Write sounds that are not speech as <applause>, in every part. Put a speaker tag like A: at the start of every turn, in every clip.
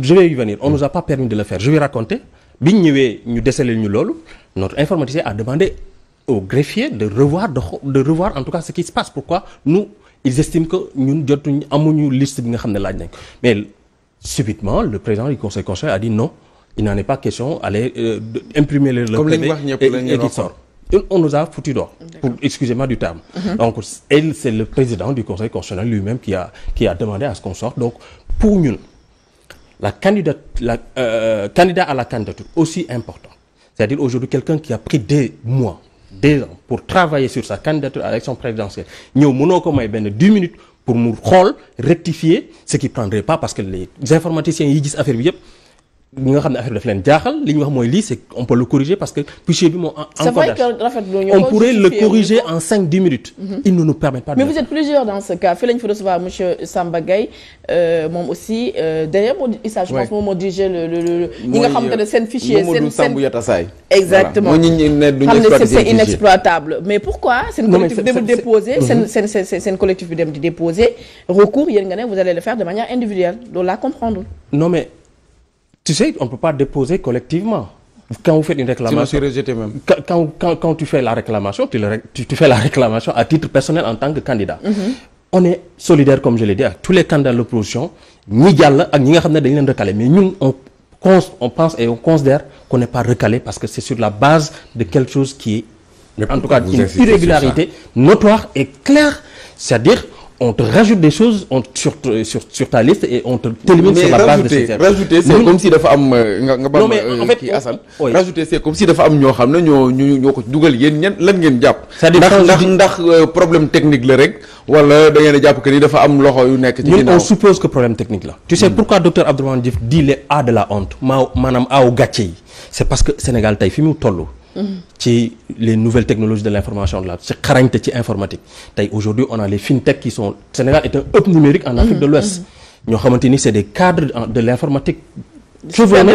A: je vais y venir on nous a pas permis de le faire je vais raconter bi ñu ñëwee ñu déceler ñu loolu notre informaticien a demandé au greffier de revoir de de revoir en tout cas ce qui se passe pourquoi nous ils estiment que ñun jotuñu amuñu liste bi nga xam ne laaj nañ mais subitement le président du conseil constitutionnel a dit non il n'en est pas question aller euh, imprimer le comme et, a foutu dehors pour excusez-moi du terme mm -hmm. donc elle c'est le président du conseil constitutionnel lui-même qui a la candidate la euh, candidat à la candidature aussi important c'est-à-dire aujourd'hui quelqu'un qui a pris des mois deux ans pour travailler sur sa candidature à l'élection présidentielle ñëw mënoo ko may benn dix minutes pour mu xool rectifier ce qui prendrait pas parce que les informaticiens yi gis affaire bi yëpp ñi nga xam ne affaire daf leen jaaxal li ñu wax mooy lii c'est on peut le corriger parce que fichier bi moo encodage
B: on pourrait le corriger
A: en 5 10 minutes mhm. ils ne nous permettent
B: pas mais vous êtes plusieurs dans ce cas fii lañu fa monsieur Samba Gaye euh, moom aussi euh, derrière moo Issa je pense moom moo dirigé le le ñi nga ne seen fichier inexploitable mais pourquoi seen collectif dem déposer mhm. seen seen recours yéen nga ne vous allez
A: tu sais on ne peut pas déposer collectivement. quand vous faites une réclamation sinon quand tu fais la réclamation tu le tu, tu fais la réclamation à titre personnel en tant que candidat. Mm-hmm. on est solidaire comme je l'ai dit ak tous les candidats de l'opposition ñi jàll ak ñi nga xam ne dañu leen recalé mais ñun on on pense et on considère qu'on n'est pas recalé parce que c'est sur la base de quelque chose qui est en tout cas une irrégularité notoire et claire c'est-à-dire on te rajoute des choses on sur sur sur ta liste et on te t'élimine la base de ces rajouter c'est comme si dafa am
C: euh, nga nga bam euh, kii Assane rajouter c'est comme si dafa am ñoo xam ne ñoo ñu ñoo ko dugal yéen ñan lan ngeen jàpp ndax ndax ndax euh, problème technique la rek wala da ngeen jàpp que ni dafa am loxo yu nekk ci ginnaaw ñun on
A: suppose la tu sais hmm. pourquoi docteur Abdourahmane Diouf dit les A de la honte gàcce yi c'est parce que Sénégal tey fi mu tollu ci les nouvelles technologies de l'information de la ci xarañte ci informatique tey aujourd'hui on a les fintech qui sont Sénégal est un numérique en Afrique de mm-hmm. l'Ouest ñoo xamante ni c'est des cadres de l'informatique souveraine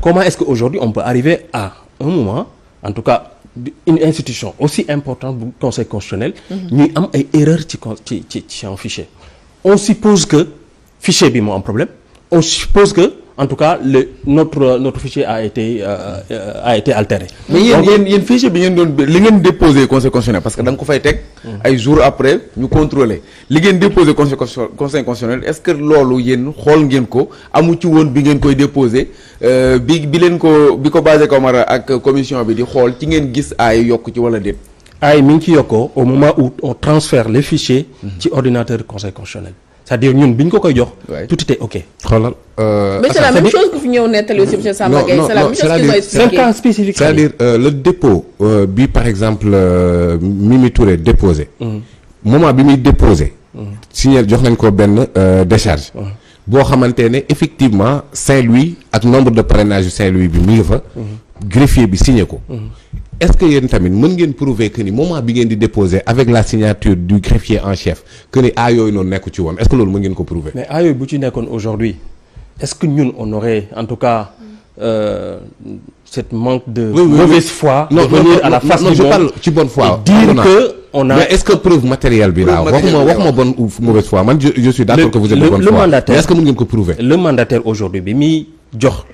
A: comment est-ce que aujourd'hui on peut arriver à un moment en tout cas une institution aussi importante bu conseil constitutionnel mm-hmm. ñuy am ay erreurs ci ci ci ci un on suppose que fichier bi moo am problème on suppose en tout cas le notre notre fichier a été euh, euh a été altéré. mais yéen
C: yéen fichier bi ngeen doon li ngeen déposé conseil constitutionnel parce que da ko fay teg. Hmm. ay jours après ñu contrôler li ngeen déposé conseil conseil constitutionnel est-ce que loolu yéen xool ngeen ko amu ci woon bi ngeen koy déposé euh, bi bi leen ko bi ko basé Camara ak commission bi di xool ci ngeen gis ay yokk ci wala déet.
A: ay mi ngi ci yokkoo au moment où on transfère les fichiers. Hmm. ci ordinateur conseil c'est-à-dire ñun bi ñu ko koy jox. tout était ok. xoolal.
D: Euh, mais c'est la même chose
B: que fi ñëw nettali aussi monsieur Samba Gueye. c'est la même chose c'est un cas
D: spécifique. c'est-à-dire euh, le dépôt euh, bi par exemple Mimi Touré déposé. Mm. moment bi muy déposé. Mm. signé jox nañ ko benn décharge. Mm. boo xamante ne effectivement Saint-Louis ak nombre de parrainage yu Saint-Louis bi mu ngi fa. greffier bi signé ko. est-ce que yéen tamit mën ngeen prouver que ni moment bi ngeen di déposer avec la signature du greffier en chef que ni a noonu nekku ci woon est-ce que loolu mën ngeen ko prouver. mais nekkoon
A: aujourd'hui est-ce que ñun on en tout cas. Euh, cette manque de oui, oui, mauvaise foi non, de foi
D: dire que bi laa waxuma waxuma bonne ou mauvaise foi man je, suis d'accord que vous êtes de bonne est que mën ngeen ko prouver
A: le mandataire aujourd'hui bi muy jox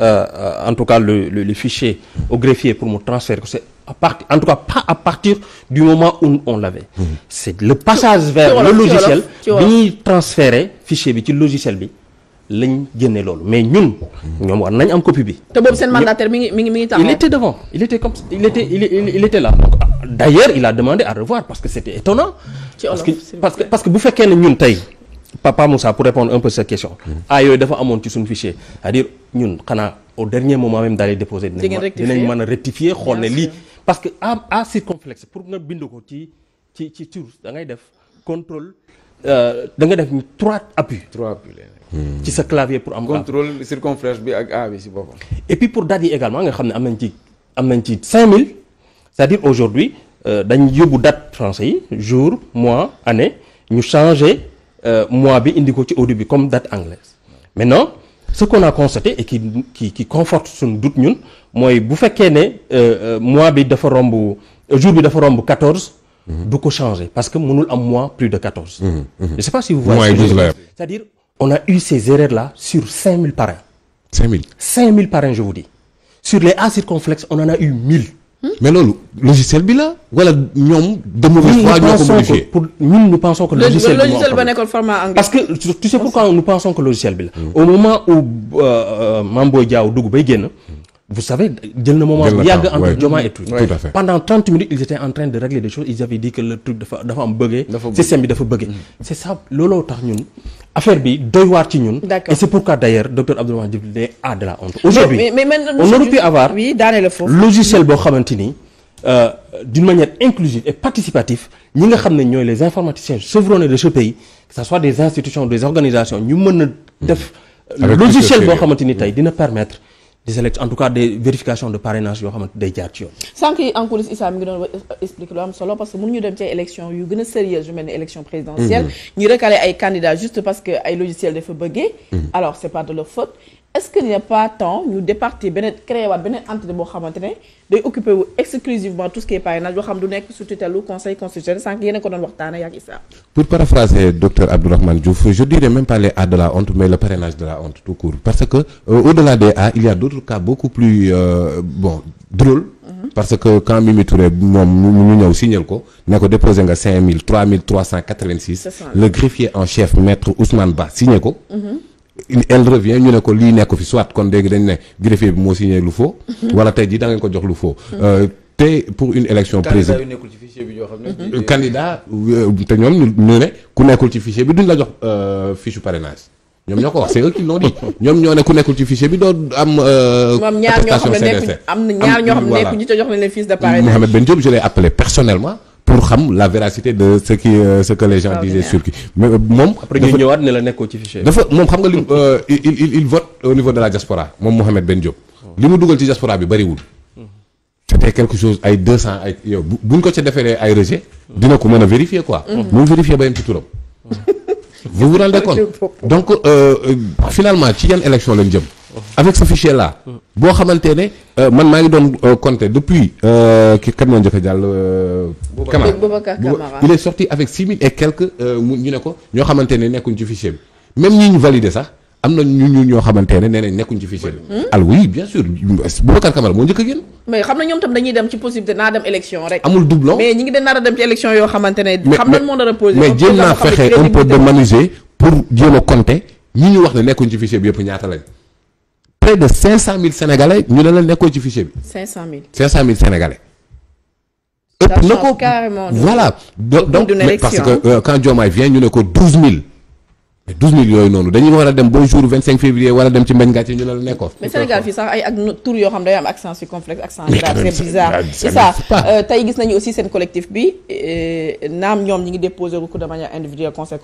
A: Euh, euh, en tout cas le, le, le fichier au greffier pour mu transférer ko c'est à partir en tout cas pas à partir du moment où on l'avait mmh. c'est le passage vers le logiciel bi ñuy transférer fichier bi ci logiciel bi lañ génne loolu mais ñun ñoom war nañ am copie bi
B: te boobu seen mandataire mi ngi mi ngi mi ngi taxaw il était
A: devant il était comme ah, d'ailleurs il a demandé à revoir parce que c'était étonnant parce que que parce que bu fekkee ne ñun tey Papa Moussa pour répondre un peu à question mm-hmm. ah yooyu dafa amoon ci suñu fichier cest dire ñun xanaa au dernier moment même daal di déposer dinañ mën a rectifier xool ne lii parce que à à circonflexe pour nga bind ko ci ci ci tur da ngay def contrôle euh, da nga def trois appuis trois ci sa clavier pour am contrôle circonflexe bi ak A bi si boppam et puis pour date yi également nga xam ne am nañ ci am nañ ci cinq mille c'est-à-dire aujourd'hui euh, dañ yóbbu dat français yi jour mois année ñu changé Euh, mois bi indi ko ci audit bi comme date anglaise maintenant ce qu'on a constaté et qui qui qui conforte suñu doute ñun mooy bu fekkee ne euh, euh, mois bi dafa romb jour bi dafa romb 14. Mhm. du ko changer parce que mënul am mois plus de 14. Mmh, mmh. je sais pas si vous voyez. c'est-à-dire on a eu ces erreurs là sur 5000 parrains. 5000 5000 parrains je vous dis sur les A circonflexes on en a eu 1000. Hmm? mais loolu logiciel bi la wala ñoom. de mauvaise foi ñoo ko modifié pour ñun nous pensons que logiciel bi logiciel ba
B: nekkoon format anglais.
A: parce que tu sais pourquoi nous pensons que logiciel bi la. Hmm. au moment où euh, euh, Mame jaaw Diao dugg bay génn. vous savez, jël na moment yàgg entre Diomaye et pendant 30 minutes ils étaient en train de régler des choses ils avaient dit que le truc dafa am bëggee. système bi dafa bëggee. Mm. c' est ça looloo ci ñun. et c' est d' ailleurs docteur Abdourahmane a de
B: la logiciel boo
A: xamante euh, d'une manière inclusive et participative ñi nga xam ne ñooy les informaticiens chevronnés de ce pays que ça soit des institutions des organisations ñu mën a def. logiciel boo xamante ni tey mm. dina permettre. des élections en tout cas des vérifications de parrainage yoo xamante day jaar ci yoon.
B: sànq yi en coulisses Issa ngi doon expliquer lu am solo parce que mënuñu dem ci élection yu gën a sérieuses yu mel ni élection présidentielle. Mhm. ñu recalé ay candidats juste parce que ay logiciels dafa bëggee. Mhm. alors c'est pas de leur faute. est-ce qu'il n'y a pas temps ñu départir beneen créé waat beneen entité boo xamante ne day occupé wu exclusivement tout ce qui est du nekk sous tutelle conseil constitutionnel sànq yéen a ko doon waxtaanee yaa ngi
C: Issa.
D: pour paraphraser docteur Abdourahmane Diouf je dirais même pas A de la honte mais le parrainage de la honte tout court parce que euh, au-delà des A il y a d'autres cas beaucoup plus euh, bon drôles. Mm-hmm. parce que quand Mimi Touré moom ñu ñëw signal ko ne ko déposé nga 5000 3386. le greffier en chef maître Ousmane Ba signé ko. Mm -hmm. elle revient ñu ne ko lii nekk fi soit kon léegi dañ ne greffier bi moo signé lu faux. Mhm. wala tey jii da ngeen ko jox lu faux. Mhm. Euh, te pour une élection présidentielle
C: candidat nekkul ci fichier bi yoo xam ne.
D: Euh, euh, te ñoom ñu ne ku nekkul ci fichier bi duñ la jox fiche parrainage. ñoom ñoo ko wax c'est <laughs> ñoo ne ku nekkul ci fichier bi doo am. attestation CDC am ñaar ñoo xam ne nekkuñu
B: te jox nañ leen fiche de parrainage. Mouhamed
D: Ben Diop je l'ai personnellement. pour xam la véracité de ce qui euh, ce que les gens sur qui mais euh, moom. après la nekkoo ci fichier dafa moom xam nga li euh, il il il vote au niveau de la diaspora moom Mohamed Ben Diop. li mu dugal ci diaspora bi bëriwul. c'était quelque chose ay 200 ay yow buñ ko ca defee ay rejet dina ko mën a vérifier quoi. Mm-hmm. mu vérifier ba yem ci turam. bu mm-hmm. vous rendez <laughs> compte donc euh, finalement ci yan élection lañ jëm. Mm-hmm. avec ce fichier là. boo xamante ne euh, man maa ngi doon euh, compter depuis euh, ki kan moo njëkk a jàll. Boubacar Camara il est sorti avec six mille et quelques ñu ne ko ñoo xamante ne nekkuñ ci fichier bi même ñi ñu validé sax am na ñu ñu ñoo xamante ne nee nañ nekkuñ ci fichier bi.
B: alors oui bien sûr
D: Boubacar Camara moo njëkk génn.
B: mais xam na ñoom tam dañuy dem ci possibilité naa dem élection rek. amul doublon mais ñi ngi dem nar a dem ci élection yoo xamante ne. xam nañ moo nar a posé. mais jéem naa fexe un peu de manuser
D: pour jéem a wax ne nekkuñ ci yëpp ñaata lañ. près de 500000 sénégalais ñu ne la nekkoo ci fichier bi.
B: 500000
D: 500000 sénégalais. ëpp na ko
B: carrément. voilà donc, donc parce que
D: euh, quand Diomaye vient ñu ne ko mille mais 12000 yooyu noonu dañuy war a dem bon jour 25 février war a dem ci mbañ gàcce ñu ne la nekkoon. mais Sénégal
B: fii sax ay ak tur yoo xam day am accent circonflexe accent grave c'est euh, tey gis nañu aussi seen collectif bi euh, naam ñoom ñi ngi déposé recours de manière individuelle conseil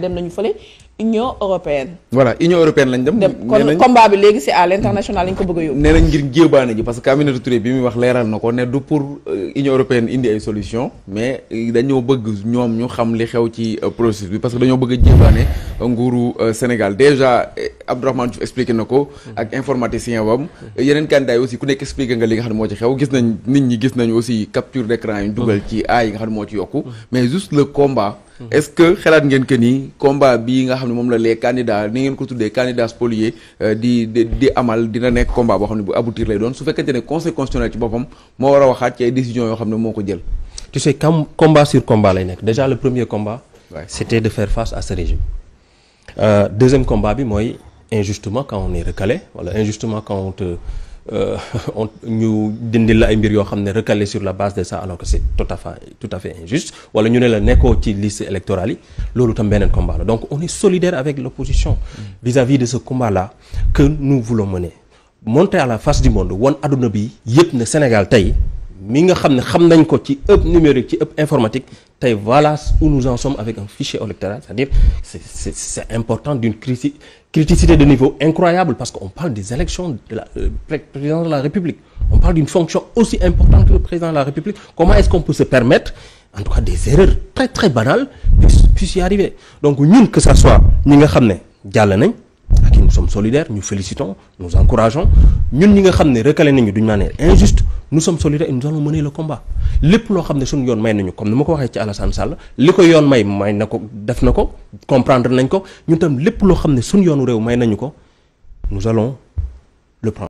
B: dem nañu fële union européenne.
C: voilà union européenne dem. dem kon combat
B: bi léegi c'est à l'international lañ ko bëgg a yóbbu. nee nañ
C: ngir jéebaane ji parce que Aminata na ko ne du pour euh, union indi ay solution mais dañoo bëgg ñoom ñu xam li xew ci processus bi parce que dañoo bëgg jéebaane nguuru euh, Sénégal déjà eh, Abdourahmane Diouf expliqué na ko ak informaticien wam yeneen candidat yi aussi ku nekk expliqué nga li nga xam ne moo ci xew gis nañ nit ñi gis nañ aussi capture d'écran yi dugal nga xam ne moo ci yokku mais juste le combat est que xalaat ngeen que ni combat bi nga xam ne moom la les candidats ni ngeen ko tuddee candidats spoliés euh, di di amal dina nekk combat boo xam ne bu aboutir lay doon su fekkente ne conseil constitutionnel ci boppam a waxaat ci ay décisions yoo moo ko jël
A: tu sais comme combat nekk
C: déjà le premier
A: combat ouais. c'était de Euh, deuxième combat bi mooy injustement quand on est recalé wala voilà, injustement quand euh, <laughs> ñu dindi la ay mbir yoo xam ne recalé sur la base de ça alors que c'est tout à fait tout à fait injuste wala ñu ne la nekkoo ci liste électorale yi loolu tam beneen combat la donc on est solidaire avec l'opposition vis-à-vis de ce combat là que nous voulons mener monter à la face du monde wan adduna bi yëpp ne Sénégal tey mi nga xam ne xam nañ ko ci ëpp numérique ci ëpp informatique tey voilà où nous en sommes avec un fichier électoral cest important d'une criticité de niveau incroyable parce que on parle des élections de la euh, président de la République on parle d'une fonction aussi importante que le président de la République comment est-ce qu'on peut se permettre en tout cas des erreurs très très banales puissent y arriver donc ñun que ça soit ñi nga xam ne jàll nañ nous sommes ñu nous félicitons nous ñun ñi nga xam ne recalé nañu duñu manière injuste nous sommes solidaires et nous allons mener le combat lépp loo xam ne suñu yoon may nañu comme ni ma ko waxee ci Alassane Sall li ko yoon may may na ko def na ko comprendre nañ ko ñun tam lépp loo xam ne suñu yoonu réew may nañu ko nous allons le prendre